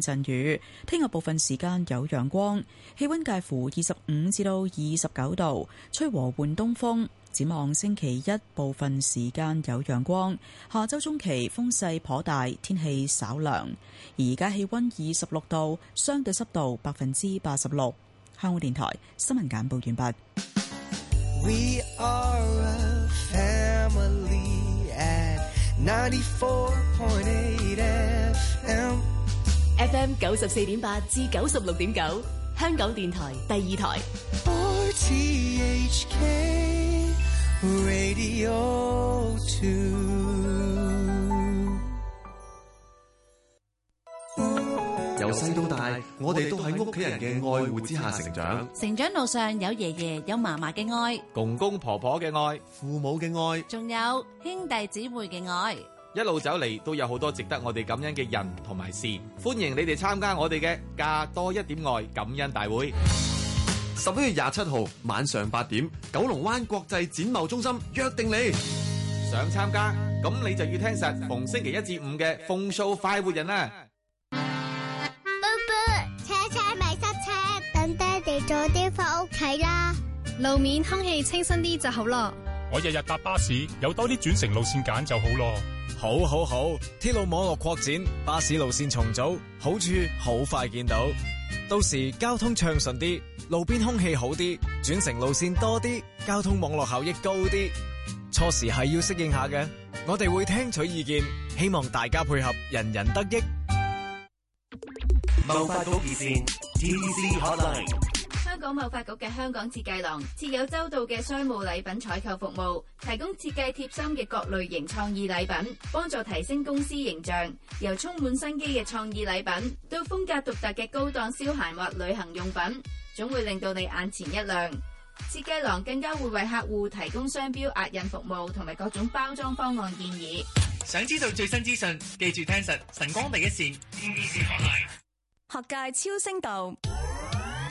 陣雨，聽日部分時間有陽光，氣溫介乎二十五至到二十九度，吹和緩東風。展望星期一，部分時間有陽光。下周中期風勢頗大，天氣稍涼。而家氣溫二十六度，相對濕度百分之八十六。香港電台新聞簡報完畢。FM 九十四點八至九十六點九，香港電台第二台。由細到大，我哋都喺屋企人嘅愛護之下成長。成長路上有爺爺、有嫲嫲嘅愛，公公婆婆嘅愛，父母嘅愛，仲有兄弟姊妹嘅愛。一路走嚟都有好多值得我哋感恩嘅人同埋事，歡迎你哋參加我哋嘅加多一點愛感恩大會。十一月廿七號晚上八點，九龍灣國際展貿中心約定你。想參加，咁你就要聽實，逢星期一至五嘅風騷快活人啦。爸爸，車車咪塞車，等爹哋早啲翻屋企啦。路面空氣清新啲就好咯。我日日搭巴士，有多啲轉乘路線揀就好咯。好好好，鐵路網絡擴展，巴士路線重組，好處好快見到。到時交通暢順啲，路邊空氣好啲，轉乘路線多啲，交通網絡效益高啲。初時係要適應下嘅，我哋會聽取意見，希望大家配合，人人得益。立法局熱線，D Z Hotline。港貿發局嘅香港設計廊設有周到嘅商務禮品採購服務，提供設計貼心嘅各類型創意禮品，幫助提升公司形象。由充滿生機嘅創意禮品到風格獨特嘅高檔消閒或旅行用品，總會令到你眼前一亮。設計廊更加會為客戶提供商標壓印服務同埋各種包裝方案建議。想知道最新資訊，記住聽實晨光第一線，學界超聲道。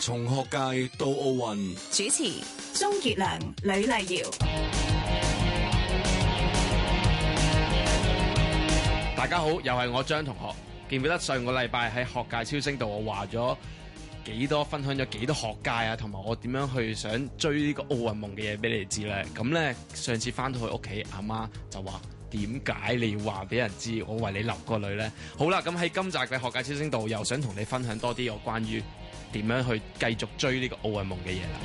從學界到奧運，主持鍾傑良、呂麗瑤。大家好，又係我張同學。記唔記得上個禮拜喺學界超星度，我話咗幾多，分享咗幾多學界啊，同埋我點樣去想追呢個奧運夢嘅嘢俾你哋知咧？咁咧，上次翻到去屋企，阿媽就話：點解你要話俾人知我為你流過淚咧？好啦，咁喺今集嘅學界超星度，又想同你分享多啲有關於。點樣去繼續追呢個奧運夢嘅嘢啦？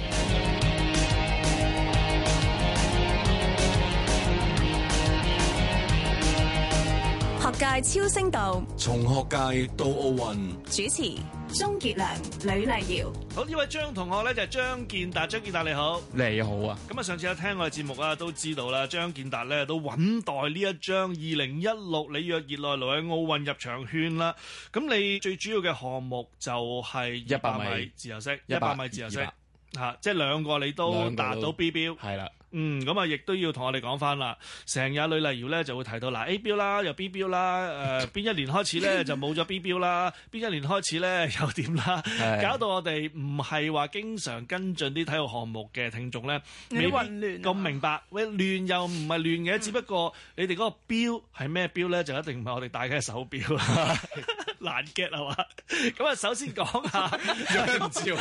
學界超聲道，從學界到奧運主持。鍾傑良、呂麗瑤，好，呢位張同學咧就係、是、張健達，張健達你好，你好啊！咁啊，上次有聽我哋節目啊，都知道啦，張健達咧都穩待呢一張二零一六里約熱內盧嘅奧運入場券啦。咁你最主要嘅項目就係一百米自由式，一百米，米自由式吓 200, 200,、啊，即係兩個你都達到 B 標，係啦。嗯，咁啊，亦都要同我哋講返啦。成日呂麗瑤咧就會提到嗱、啊、A 標啦，又 B 標啦，誒、呃、邊一年開始咧就冇咗 B 標啦，邊一年開始咧又點啦，的搞到我哋唔係話經常跟進啲體育項目嘅聽眾咧，好混亂、啊，咁明白？喂，亂又唔係亂嘅，只不過你哋嗰個標係咩標咧，就一定唔係我哋戴嘅手錶啦， 難 get 係嘛？咁啊，首先講下張照。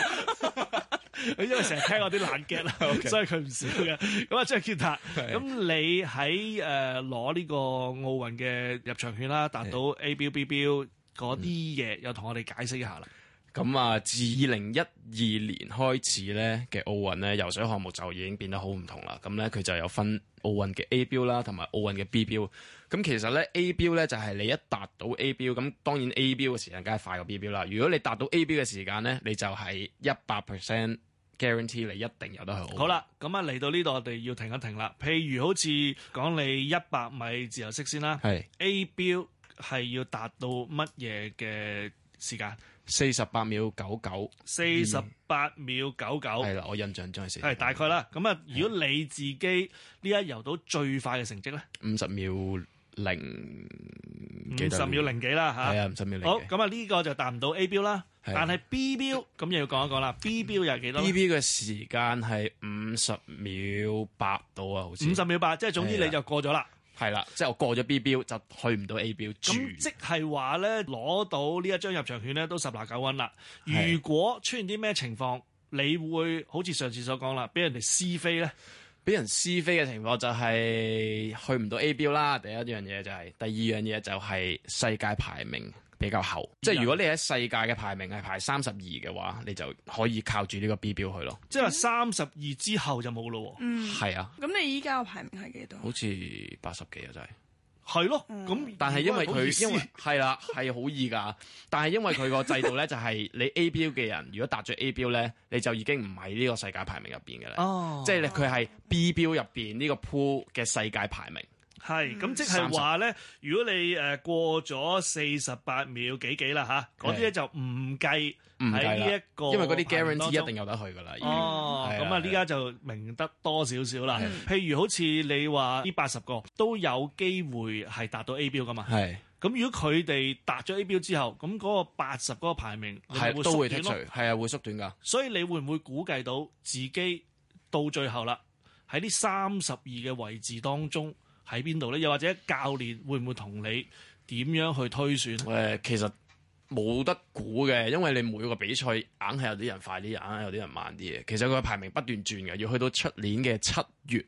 因為成日聽我啲爛 gag 啦，Okay. 所以佢唔少嘅咁啊。即係張健達咁，是你喺誒攞呢個奧運嘅入場券啦，達到 A 標 B 標嗰啲嘢，是又同我哋解釋一下啦。咁啊，自二零一二年開始咧嘅奧運咧，游水項目就已經變得好唔同啦。咁咧，佢就有分奧運嘅 A 標啦，同埋奧運嘅 B 標。咁其實咧 A 標咧就係你一達到 A 標咁，當然 A 標嘅時間梗係快過 B 標啦。如果你達到 A 標嘅時間咧，你就係一百 percent。guarantee 你一定游得好。好啦，咁啊嚟到呢度，我哋要停一停啦。譬如好似講你一百米自由式先啦，係是 A 標係要達到乜嘢嘅時間？四十八秒九九秒、嗯。四十八秒九九。係啦，我印象中係大概啦。咁啊，如果你自己呢一游到最快嘅成績咧？五十秒。零五十秒零幾啦吓，啊、五十秒零好咁啊呢個就達唔到 A 標啦，是但係 B 標咁又要講一講啦。嗯、B 標又係幾多？B 標嘅時間係五十秒八到啊，好似五十秒八，即係總之你就過咗啦。係啦了，即係、就是、我過咗 B 標就去唔到 A 標。咁即係話咧，攞到呢一張入場券咧都十拿九穩啦。是如果出現啲咩情況，你會好似上次所講啦，俾人哋撕飛咧？俾人試飛嘅情況就係去唔到 A 標啦，第一樣嘢就係、是，第二樣嘢就係世界排名比較後，來即係如果你喺世界嘅排名係排三十二嘅話，你就可以靠住呢個 B 標去咯。即係話三十二之後就冇咯喎。嗯，係啊。咁你依家嘅排名係幾多？好似八十幾啊，真係。係咯，咁但係因為佢因為係啦，係好 易噶，但係因為佢個制度咧，就係你 A 標嘅人 如果達咗 A 標咧，你就已經唔係呢個世界排名入邊嘅啦，哦，即係咧佢係 B 標入邊呢個 pool 嘅世界排名。係咁，嗯、即係話咧，如果你誒、呃、過咗四十八秒幾幾啦吓，嗰啲咧就唔計喺呢一個，因為嗰啲 guarantee 一定有得去噶啦。哦，咁啊、嗯，呢家的就明得多少少啦。的譬如好似你話呢八十個都有機會係達到 A 標噶嘛。係咁的，如果佢哋達咗 A 標之後，咁嗰個八十嗰個排名係都會剔除，係啊，會縮短噶。所以你會唔會估計到自己到最後啦？喺呢三十二嘅位置當中？喺邊度咧？又或者教練會唔會同你點樣去推算？誒，其實冇得估嘅，因為你每個比賽硬係有啲人快啲，硬係有啲人慢啲嘅。其實佢嘅排名不斷轉嘅，要去到出年嘅七月。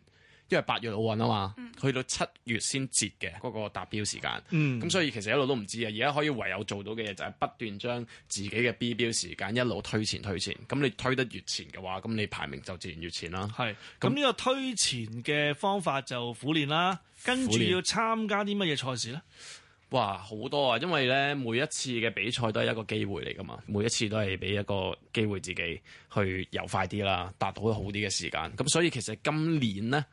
因為八月奧運啊嘛，嗯、去到七月先截嘅嗰個達標時間。咁、嗯、所以其實一路都唔知啊。而家可以唯有做到嘅嘢就係不斷將自己嘅 B 標時間一路推前推前。咁你推得越前嘅話，咁你排名就自然越前啦。係咁呢個推前嘅方法就苦練啦。跟住要參加啲乜嘢賽事咧？苦練。哇，好多啊！因為咧每一次嘅比賽都係一個機會嚟噶嘛，每一次都係俾一個機會自己去遊快啲啦，達到好啲嘅時間。咁所以其實今年咧。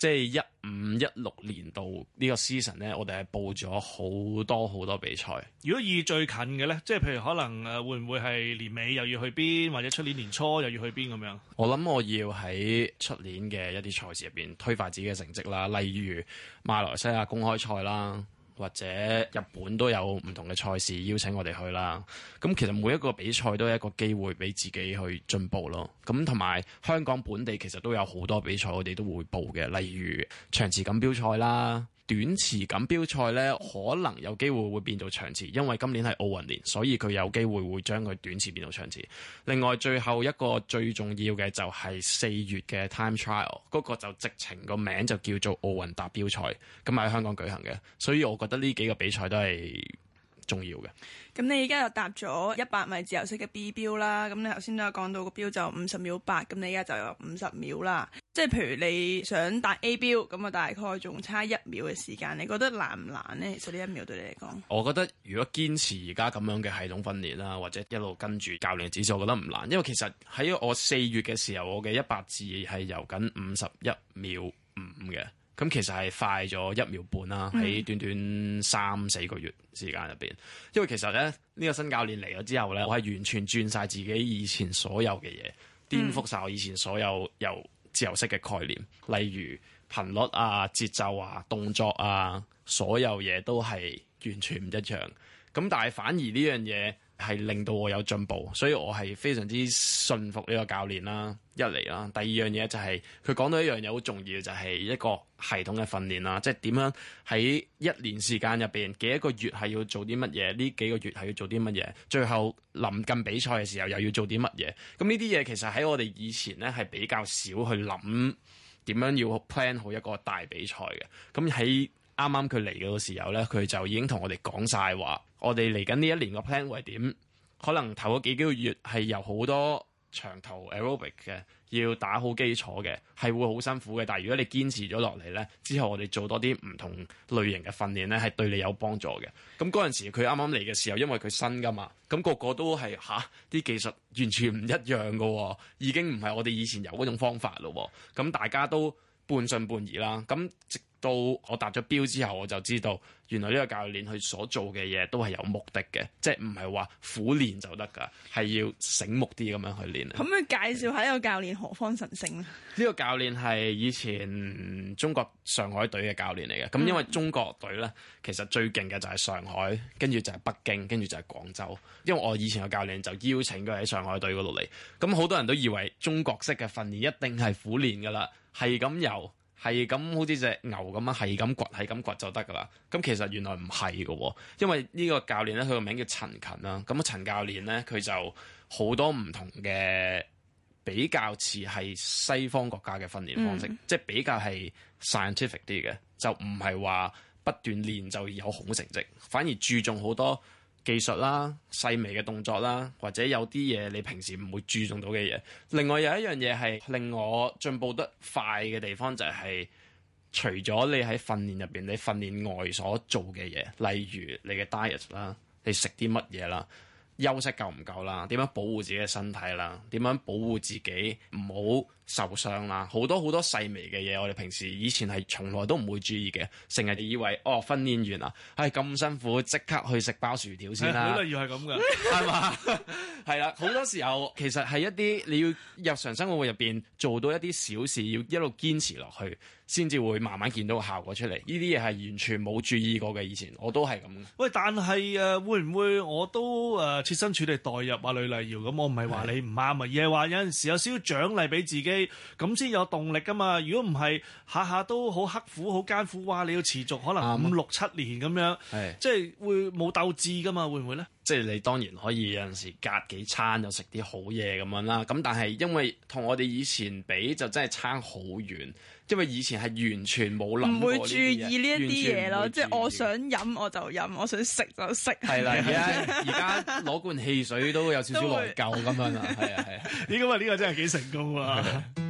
即係一五一六年度呢個 season 呢，我哋係報咗好多好多比賽。如果以最近嘅呢，即係譬如可能誒會唔會係年尾又要去邊，或者出年年初又要去邊咁樣？我諗我要喺出年嘅一啲賽事入邊推快自己嘅成績啦，例如馬來西亞公開賽啦。或者日本都有唔同嘅賽事邀請我哋去啦，咁其實每一個比賽都係一個機會俾自己去進步咯。咁同埋香港本地其實都有好多比賽我哋都會報嘅，例如長池錦標賽啦。短池錦標賽呢，可能有機會會變到長池，因為今年係奧運年，所以佢有機會會將佢短池變到長池。另外，最後一個最重要嘅就係四月嘅 time trial，嗰個就直情個名就叫做奧運達標賽，咁喺香港舉行嘅，所以我覺得呢幾個比賽都係。重要嘅。咁你而家又搭咗一百米自由式嘅 B 標啦，咁你頭先都有講到個標就五十秒八，咁你而家就有五十秒啦。即係譬如你想達 A 標，咁啊大概仲差一秒嘅時間，你覺得難唔難呢？其實呢一秒對你嚟講，我覺得如果堅持而家咁樣嘅系統訓練啦，或者一路跟住教練指示，我覺得唔難。因為其實喺我四月嘅時候，我嘅一百字係游緊五十一秒五嘅。咁其實係快咗一秒半啦，喺短短三四個月時間入邊。因為其實咧，呢個新教練嚟咗之後咧，我係完全轉晒自己以前所有嘅嘢，顛覆晒我以前所有由自由式嘅概念，例如頻率啊、節奏啊、動作啊，所有嘢都係完全唔一樣。咁但係反而呢樣嘢係令到我有進步，所以我係非常之信服呢個教練啦，一嚟啦。第二樣嘢就係佢講到一樣嘢好重要，就係一個系統嘅訓練啦，即係點樣喺一年時間入邊，幾一個月係要做啲乜嘢？呢幾個月係要做啲乜嘢？最後臨近比賽嘅時候，又要做啲乜嘢？咁呢啲嘢其實喺我哋以前呢係比較少去諗點樣要 plan 好一個大比賽嘅。咁喺啱啱佢嚟嘅時候呢，佢就已經同我哋講晒話。我哋嚟緊呢一年個 plan 會係點？可能頭嗰幾個月係有好多長途 aerobic 嘅，要打好基礎嘅，係會好辛苦嘅。但係如果你堅持咗落嚟呢，之後我哋做多啲唔同類型嘅訓練呢，係對你有幫助嘅。咁嗰陣時佢啱啱嚟嘅時候，因為佢新噶嘛，咁、那個個都係嚇啲技術完全唔一樣噶、哦，已經唔係我哋以前有嗰種方法咯。咁大家都半信半疑啦。咁直到我達咗標之後，我就知道。原來呢個教練佢所做嘅嘢都係有目的嘅，即係唔係話苦練就得㗎，係要醒目啲咁樣去練啊！咁你介紹下呢個教練何方神聖咧？呢、嗯、個教練係以前中國上海隊嘅教練嚟嘅。咁因為中國隊呢，其實最勁嘅就係上海，跟住就係北京，跟住就係廣州。因為我以前嘅教練就邀請佢喺上海隊嗰度嚟，咁好多人都以為中國式嘅訓練一定係苦練㗎啦，係咁游。係咁，好似隻牛咁樣，係咁掘，係咁掘就得噶啦。咁其實原來唔係嘅，因為呢個教練咧，佢個名叫陳勤啦。咁陳教練咧，佢就好多唔同嘅比較似係西方國家嘅訓練方式，即係、嗯、比較係 scientific 啲嘅，就唔係話不斷練就有好成績，反而注重好多，技術啦、細微嘅動作啦，或者有啲嘢你平時唔會注重到嘅嘢。另外有一樣嘢係令我進步得快嘅地方，就係，就係除咗你喺訓練入邊，你訓練外所做嘅嘢，例如你嘅 diet 啦，你食啲乜嘢啦。休息夠唔夠啦？點樣保護自己嘅身體啦？點樣保護自己唔好受傷啦？好多好多細微嘅嘢，我哋平時以前係從來都唔會注意嘅，成日以為哦，訓練完啊，係、哎、咁辛苦，即刻去食包薯條先啦。好例如係咁嘅，係嘛？係啦 對吧，好 多時候其實係一啲你要日常生活入邊做到一啲小事，要一路堅持落去。先至會慢慢見到個效果出嚟，呢啲嘢係完全冇注意過嘅。以前我都係咁嘅。喂，但係誒、呃，會唔會我都誒、呃、設身處地代入啊？呂麗瑤咁，我唔係話你唔啱啊，的而係話有陣時有少少獎勵俾自己咁先有動力噶嘛。如果唔係下下都好刻苦、好艱苦，哇！你要持續可能五、嗯、六七年咁樣，係的即係會冇鬥志噶嘛？會唔會咧？即係你當然可以有陣時隔幾餐就食啲好嘢咁樣啦。咁但係因為同我哋以前比就真係差好遠。因為以前係完全冇諗過唔會注意呢一啲嘢咯。即係我想飲我就飲，我想食就食。係啦的，而家攞罐汽水都有少少內疚咁樣啦。係啊，係啊，咦，咁啊，呢個真係幾成功啊！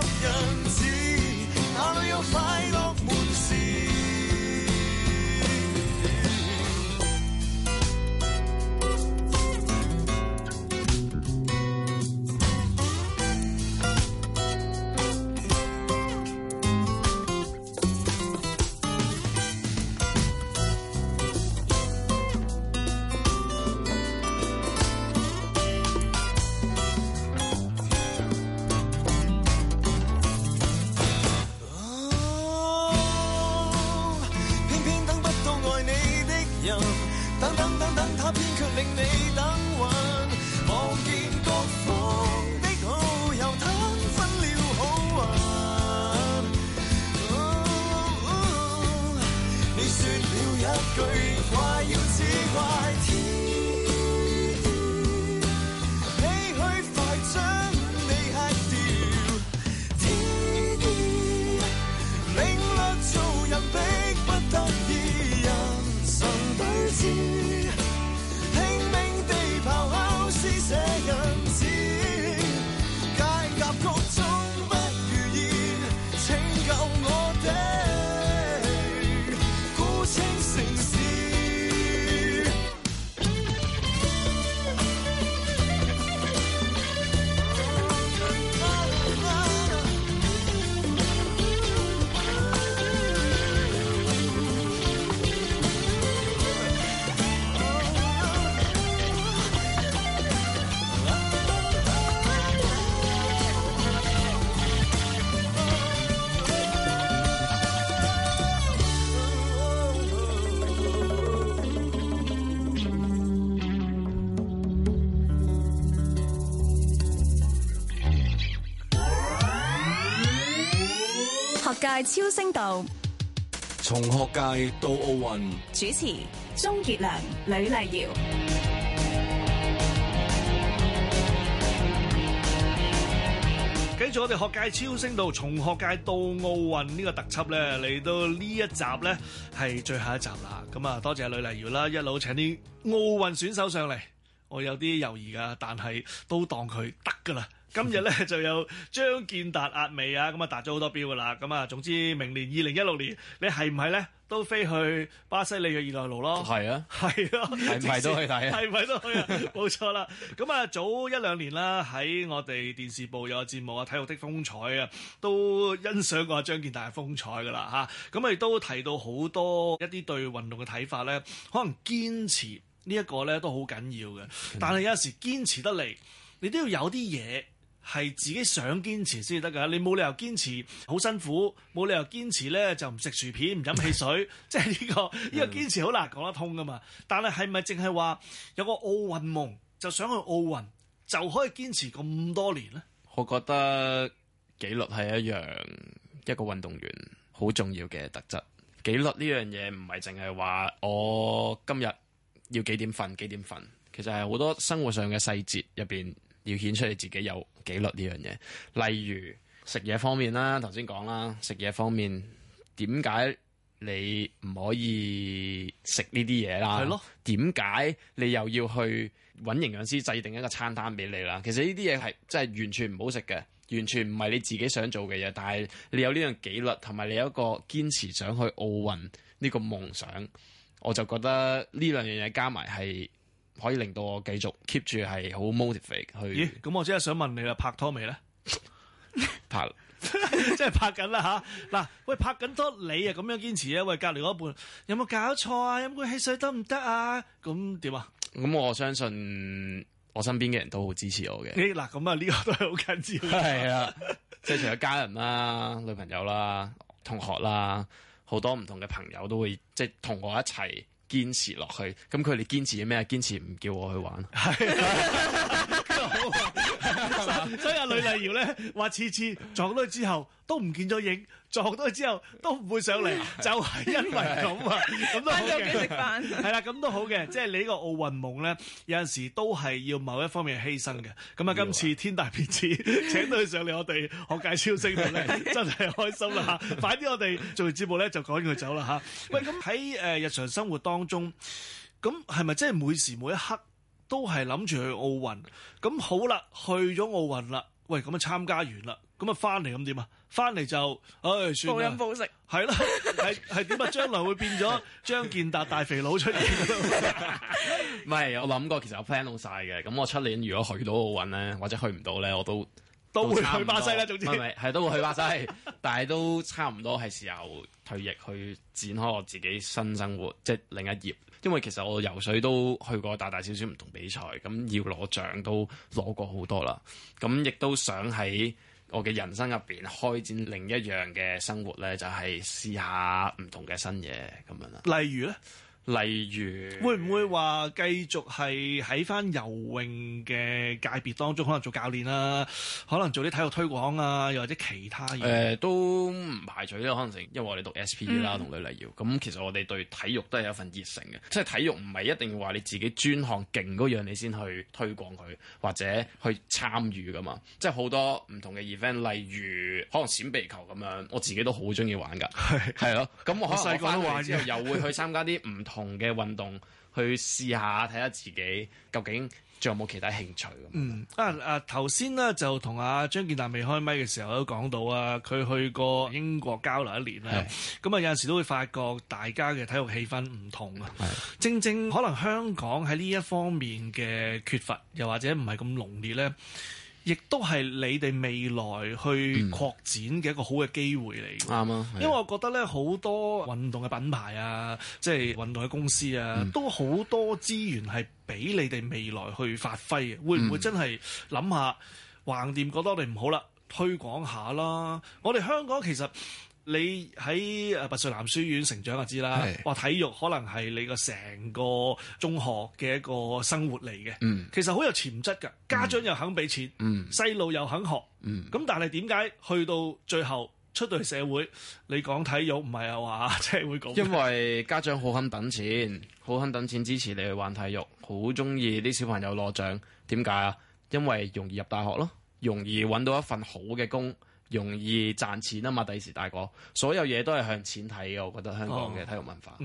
奇怪。大超聲道，從學界到奧運，主持鍾傑良、呂麗瑤。跟住我哋學界超聲道，從學界到奧運呢個特輯咧，嚟到呢一集咧係最後一集啦。咁啊，多謝呂麗瑤啦，一路請啲奧運選手上嚟，我有啲猶豫噶，但係都當佢得噶啦。今日咧就有張健達壓尾啊，咁啊達咗好多標噶啦。咁啊，總之明年二零一六年，你係唔係咧都飛去巴西里約熱內盧咯？係啊，係啊，係唔係都可以睇啊？係唔係都可以啊？冇錯啦。咁啊，早一兩年啦，喺我哋電視部有個節目啊，《體育的風采》啊，都欣賞過張健達嘅風采噶啦吓，咁、啊、亦都提到好多一啲對運動嘅睇法咧，可能堅持呢一個咧都好緊要嘅。但係有陣時堅持得嚟，你都要有啲嘢。係自己想堅持先得噶，你冇理由堅持好辛苦，冇理由堅持咧就唔食薯片、唔飲汽水， 即係呢、呢個呢 個堅持好難講得通噶嘛。但係係咪淨係話有個奧運夢就想去奧運，就可以堅持咁多年呢？我覺得紀律係一樣一個運動員好重要嘅特質。紀律呢樣嘢唔係淨係話我今日要幾點瞓幾點瞓，其實係好多生活上嘅細節入邊。要顯出你自己有紀律呢樣嘢，例如食嘢方面啦，頭先講啦，食嘢方面點解你唔可以食呢啲嘢啦？係咯，點解你又要去揾營養師制定一個餐單俾你啦？其實呢啲嘢係真係完全唔好食嘅，完全唔係你自己想做嘅嘢。但係你有呢樣紀律同埋你有一個堅持想去奧運呢個夢想，我就覺得呢兩樣嘢加埋係，可以令到我繼續 keep 住係好 motivate 去咦。咁我即係想問你啦，拍拖未咧？ 拍了， 即係拍緊啦嚇。嗱、啊，喂，拍緊拖你又咁樣堅持啊？喂，隔離嗰一半有冇搞錯啊？飲罐汽水得唔得啊？咁點啊？咁我相信我身邊嘅人都好支持我嘅。誒嗱了，咁啊呢個都係好緊接。係啊，即係除咗家人啦、啊、女朋友啦、啊、同學啦、啊，好多唔同嘅朋友都會即係同我一齊堅持落去，咁佢哋堅持咩？堅持唔叫我去玩。所以阿呂麗瑤咧話，次次撞到佢之後都唔見咗影，撞到佢之後都唔會上嚟，就係因為咁啊，咁都好嘅。係啦，咁都好嘅，即係你個奧運夢呢個奧運夢咧，有陣時都係要某一方面犧牲嘅。咁啊，今次天大騙子請到佢上嚟我哋學界超星咧， 真係開心啦！吓、啊，快啲我哋做完節目咧就趕佢走啦吓、啊。喂，咁喺誒日常生活當中，咁係咪即係每時每一刻？都係諗住去奧運，咁好啦，去咗奧運啦，喂，咁啊參加完啦，咁啊翻嚟咁點啊？翻嚟就，唉、哎，算啦，飽飲飽食，係咯的，係係點啊？將來會變咗張健達大肥佬出嚟，唔係，我諗過其實我 plan 好曬嘅，咁我七年如果去到奧運咧，或者去唔到咧，我都。都，都會去巴西啦，總之係咪係都會去巴西， 但係都差唔多係時候退役，去展開我自己新生活，即、就、係、是、另一頁。因為其實我游水都去過大大小小唔同比賽，咁要攞獎都攞過好多啦。咁亦都想喺我嘅人生入邊開展另一樣嘅生活呢就係試下唔同嘅新嘢，咁樣啦。例如呢？例如，會唔會話繼續係喺翻游泳嘅界別當中，可能做教練啦、啊，可能做啲體育推廣啊，又或者其他嘢？誒、呃、都唔排除呢個可能性，因為我哋讀 S.P.E. 啦，嗯、同呂麗瑤，咁其實我哋對體育都係有一份熱誠嘅，即係體育唔係一定要話你自己專項勁樣你先去推廣佢，或者去參與噶嘛。即係好多唔同嘅 event，例如可能閃避球咁樣我自己都好中意玩㗎。係係咯，咁我細個都玩之後，又會去參加啲唔同。同嘅運動去試下睇下自己究竟仲有冇其他興趣。嗯啊啊頭先呢，就同阿、啊、張健達未開麥嘅時候都講到啊，佢去過英國交流一年咧、啊，咁啊是、嗯、有陣時都會發覺大家嘅體育氣氛唔同啊。是正正可能香港喺呢一方面嘅缺乏，又或者唔係咁濃烈呢，亦都係你哋未來去擴展嘅一個好嘅機會嚟，啱啊、嗯！因為我覺得呢，好多運動嘅品牌啊，即係運動嘅公司啊，嗯、都好多資源係俾你哋未來去發揮嘅。會唔會真係諗下橫掂、嗯、覺得我哋唔好啦，推廣下啦？我哋香港其實～你喺誒拔萃男書院成長就知啦，哇是！體育可能係你個成個中學嘅一個生活嚟嘅，嗯、其實好有潛質㗎。家長又肯俾錢，細路、嗯、又肯學，咁、嗯、但係點解去到最後出到去社會，你講體育唔係啊話即係會講？因為家長好肯等錢，好肯等錢支持你去玩體育，好中意啲小朋友攞獎。點解啊？因為容易入大學咯，容易揾到一份好嘅工。容易賺錢啊嘛！第時大個，所有嘢都係向錢睇嘅。我覺得香港嘅體育文化，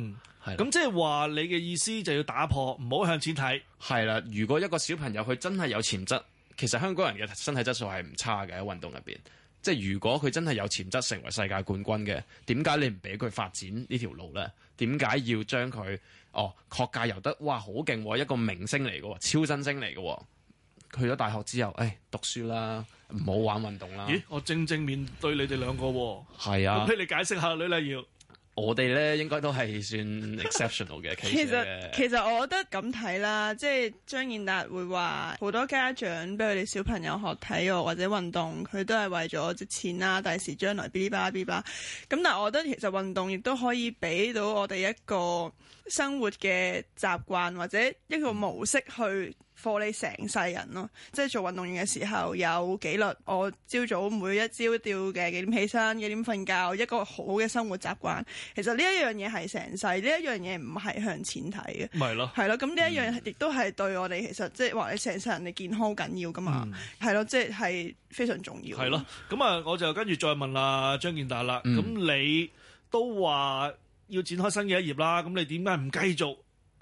係咁即係話你嘅意思就要打破，唔好向錢睇。係啦，如果一個小朋友佢真係有潛質，其實香港人嘅身體質素係唔差嘅，喺運動入邊。即係如果佢真係有潛質成為世界冠軍嘅，點解你唔俾佢發展呢條路呢？點解要將佢哦學界游得哇好勁喎，一個明星嚟嘅喎，超新星嚟嘅喎？去咗大學之後，誒，讀書啦，唔好玩運動啦。咦，我正正面對你哋兩個喎，係啊，俾你解釋下，呂麗瑤。我哋咧應該都係算 exceptional 嘅 case。其實其實我覺得咁睇啦，即係張健達會話好多家長俾佢哋小朋友學體育或者運動，佢都係為咗啲錢啦，第時將來 bilibala 咁，但係我覺得其實運動亦都可以俾到我哋一個生活嘅習慣或者一個模式去。課你成世人咯，即係做運動員嘅時候有紀律。我朝早每一朝都要幾點起身，幾點瞓覺，一個好嘅生活習慣。其實呢一樣嘢係成世，呢一樣嘢唔係向前睇嘅，係咯是了，係咯。咁呢一樣亦都係對我哋其實即係話你成世人嘅健康好緊要噶嘛，係咯、嗯，即係非常重要。係咯，咁啊，我就跟住再問啦張健達啦，咁、嗯、你都話要展開新嘅一頁啦，咁你點解唔繼續？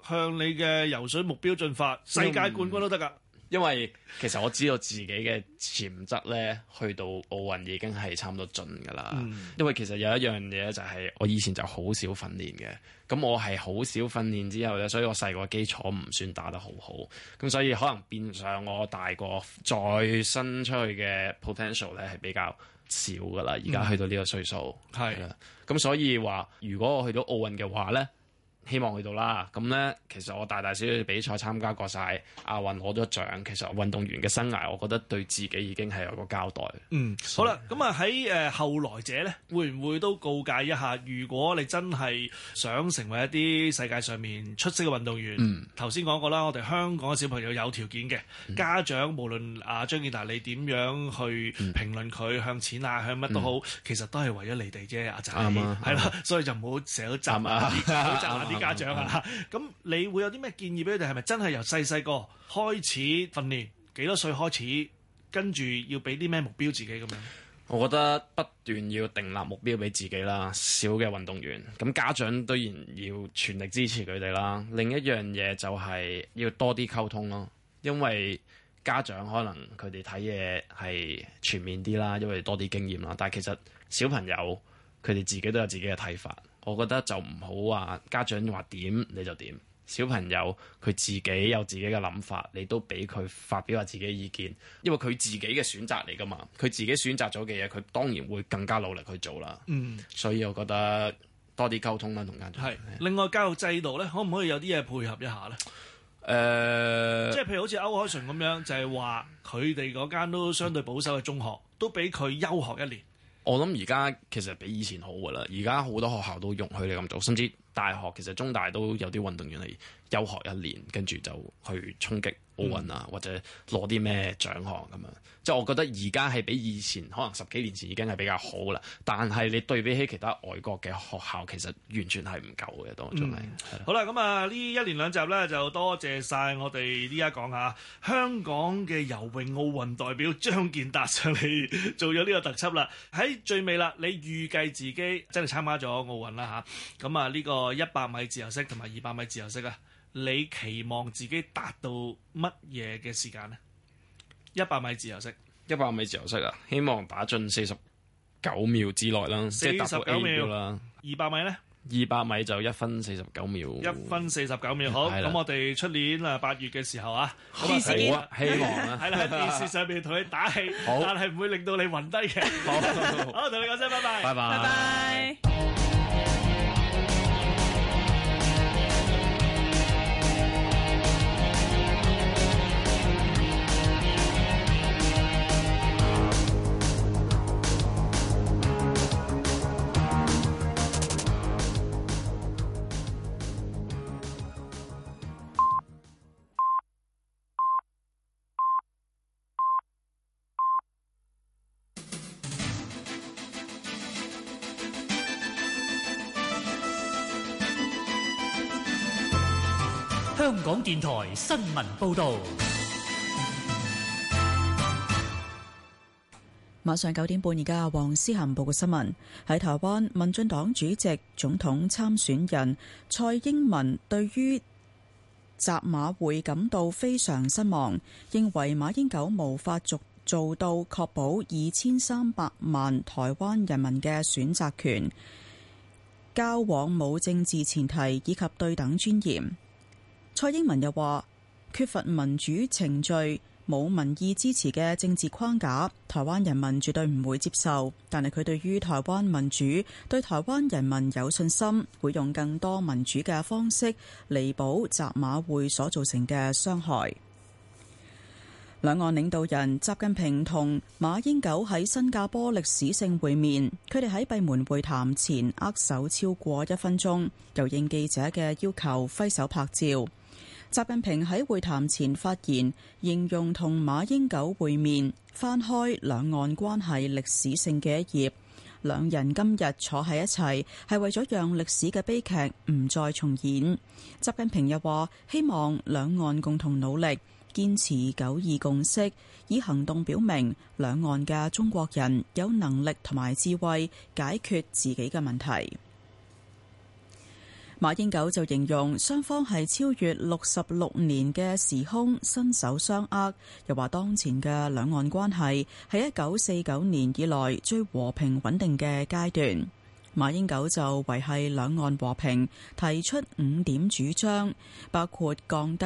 向你嘅游水目標進發，世界冠軍都得㗎。因為其實我知道自己嘅潛質咧， 去到奧運已經係差唔多盡㗎啦。嗯、因為其實有一樣嘢就係我以前就好少訓練嘅，咁我係好少訓練之後咧，所以我細個基礎唔算打得好好。咁所以可能變相我大個再伸出去嘅 potential 咧係比較少㗎啦。而家、嗯、去到呢個歲數，係啦是，咁所以話如果我去到奧運嘅話咧。希望去到啦，咁呢，其實我大大小小比賽參加過晒，亞運攞咗獎。其實運動員嘅生涯，我覺得對自己已經係有個交代。嗯，以好啦，咁啊喺誒後來者呢，會唔會都告誡一下？如果你真係想成為一啲世界上面出色嘅運動員，頭先講過啦，我哋香港嘅小朋友有條件嘅、嗯、家長，無論阿張健達你點樣去評論佢、嗯、向錢啊，向乜都好，嗯、其實都係為咗你哋啫，阿仔。啱係咯，所以就唔好成日都賺，唔 吧 家長啊，咁你會有啲咩建議俾佢哋？係咪真係由細細個開始訓練？幾多歲開始？跟住要俾啲咩目標自己咁樣？我覺得不斷要訂立目標俾自己啦。小嘅運動員，咁家長當然要全力支持佢哋啦。另一樣嘢就係要多啲溝通咯。因為家長可能佢哋睇嘢係全面啲啦，因為多啲經驗啦。但係其實小朋友佢哋自己都有自己嘅睇法。我覺得就唔好話家長話點你就點，小朋友佢自己有自己嘅諗法，你都俾佢發表下自己嘅意見，因為佢自己嘅選擇嚟㗎嘛，佢自己選擇咗嘅嘢，佢當然會更加努力去做啦。嗯，所以我覺得多啲溝通啦，同家長。係是，是另外教育制度咧，可唔可以有啲嘢配合一下咧？誒、呃，即係譬如好似歐鎧淳咁樣，就係話佢哋嗰間都相對保守嘅中學，都俾佢休學一年。我諗而家其實比以前好㗎啦，而家好多學校都容許你咁做，甚至。大學其實中大都有啲運動員嚟休學一年，跟住就去衝擊奧運啊，嗯、或者攞啲咩獎項咁樣。即係我覺得而家係比以前可能十幾年前已經係比較好啦。但係你對比起其他外國嘅學校，其實完全係唔夠嘅，當中係。的好啦，咁啊呢一連兩集呢，就多謝晒我哋呢家講下香港嘅游泳奧運代表張健達，上嚟做咗呢個特輯啦。喺最尾啦，你預計自己真係參加咗奧運啦吓，咁啊呢個。一百米自由式同埋二百米自由式啊，你期望自己達到乜嘢嘅時間呢？一百米自由式，一百米自由式啊，希望打進四十九秒之內啦，四十九秒啦。二百米咧？二百米就一分四十九秒，一分四十九秒好。咁我哋出年啊八月嘅時候啊，希望啊，係啦，喺電視上面同你打氣，但係唔會令到你暈低嘅。好，好，同你講聲，拜拜，拜拜，拜拜。電台新聞報道。晚上九點半，而家黃思涵報告新聞。喺台灣，民進黨主席、總統參選人蔡英文對於習馬會感到非常失望，認為馬英九無法做做到確保二千三百萬台灣人民嘅選擇權，交往冇政治前提以及對等尊嚴。蔡英文又話：缺乏民主程序、冇民意支持嘅政治框架，台灣人民絕對唔會接受。但係佢對於台灣民主、對台灣人民有信心，會用更多民主嘅方式彌補習馬會所造成嘅傷害。兩岸領導人習近平同馬英九喺新加坡歷史性會面，佢哋喺閉門會談前握手超過一分鐘，又應記者嘅要求揮手拍照。習近平喺會談前發言，形容同馬英九會面，翻開兩岸關係歷史性嘅一頁。兩人今日坐喺一齊，係為咗讓歷史嘅悲劇唔再重演。習近平又話，希望兩岸共同努力，堅持九二共識，以行動表明兩岸嘅中國人有能力同埋智慧解決自己嘅問題。馬英九就形容雙方係超越六十六年嘅時空伸手相握，又話當前嘅兩岸關係係一九四九年以來最和平穩定嘅階段。馬英九就維繫兩岸和平，提出五點主張，包括降低。